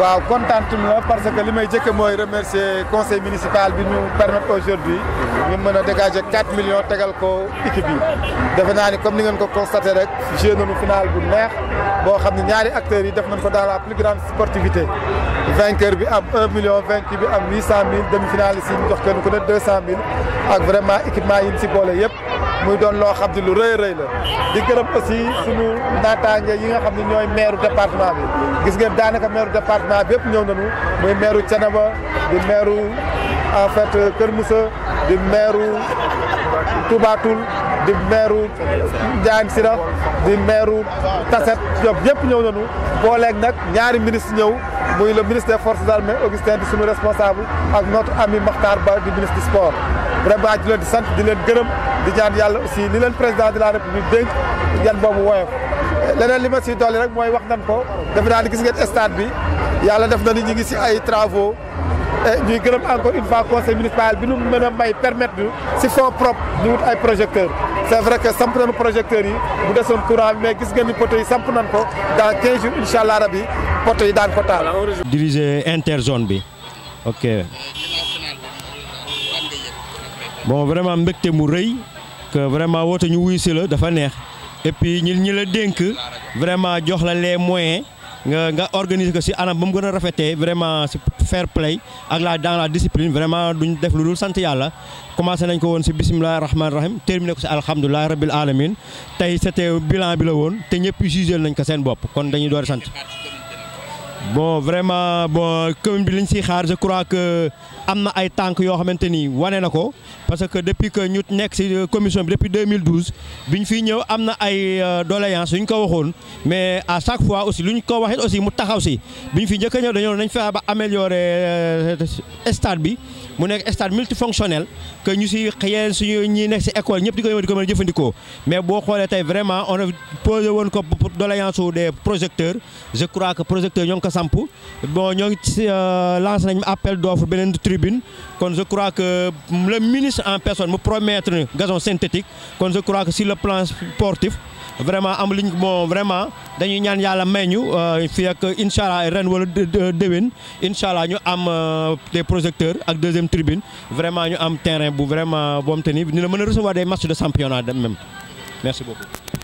waaw kontaantum la parce que li may jëkke mooy remercier conseil municipal bi ñu permettre aujourd'hui ñu mën a dégager 4 millions tegal ko équipe yi defe naa ni comme ni ngeen ko constaté rek joué nañu final bu neex boo xam ne ñaari acteurs yi def nañ ko dans la plus grande sportivité vainqueur bi am 1 million vaincu bi am 800 mille demi-finaliste yi ñu jox kenn ku ne 200 mille ak vraiment équipement yi ñu si boole yëpp muy doon loo xam ne lu rëy rëy la di gërëm aussi suñu naataange yi nga xam ne ñooy maire département bi gis ngeen daanaka maire département bi yëpp ñëw nañu muy maire Thiénaba di maire en fait Kër Moussa di maire Toubatoul di maire Njaañ Sira di maire Tasset ñoom ñëpp ñëw nañu booleeg nag ñaari ministre ñëw muy le ministre des forces armées Augustin di suñu responsable ak notre ami Makhtar Ba di ministre sport vraiment di leen di sant di leen gërëm di ñaan yàlla aussi li leen président de la république dénk yan boobu woyof leneen li ma si dolli rek mooy wax nan ko def naa ni gis ngeen stade bi yàlla def na ni ñu ngi si ay travaux ñuy gërëm encore une fois conseil municipal bi nu mën a may permettre ñu si fonds propre ñu wut ay projecteurs c'est vrai que samp nañu projecteurs yi bu desoon courant mais gis ngeen ni poteaux yi samp nañ ko dans 15 jours incha allah rabi poteaux yi daan ko taal. diriger bi bon vraiment mbégte mu rëy que vraiment woote ñu wuyu si la dafa neex et puis ñi ñi la dénk vraiment jox la les moyens nga nga organiser ko si anam ba mu gën a rafetee vraiment si fair play ak la dans la discipline vraiment duñ def lu dul sant yàlla commencé nañ ko woon si bisimilah rahmaani rahim terminé ko si alhamdulilah rabil alamin tey c'était bilan bi la woon te ñëpp jugé nañ ko seen bopp kon dañuy door sant. bon vraiment bon commune bi li ñu siy xaar je crois que am na ay tànk yoo xamante ni wane na ko parce que depuis que ñu nekk si commission bi depuis 2012 bi ñu fiy ñëw am na ay euh, doléance yu ñu ko waxoon mais à chaque fois aussi lu ñu ko waxee aussi mu taxaw si bi ñu fi njëkk a ñëw dañoo nañ fexe ba améliorer euh, stade bi mu nekk stade multifonctionnel que ñu si xëyeen suñu ñi nekk si école ñëpp di ko ñëw di ko mën a jëfandikoo mais boo xoolee tey vraiment on a posé woon ko doléance des que projecteurs ñoo ko samp bon ñoo lance euh, lancé nañ appel d'offre beneen tribune kon je crois que le ministre en personne mu promettre gazon synthétique kon je crois que si le plan sportif vraiment am liñ bon vraiment dañuy ñaan yàlla may ñu euh, fii ak incha ren wala déwén incha allah ñu am euh, des projecteurs ak deuxième tribune vraiment ñu am terrain bu vraiment boobu te ni la mën a recevoir des matchs de championnat même merci beaucoup.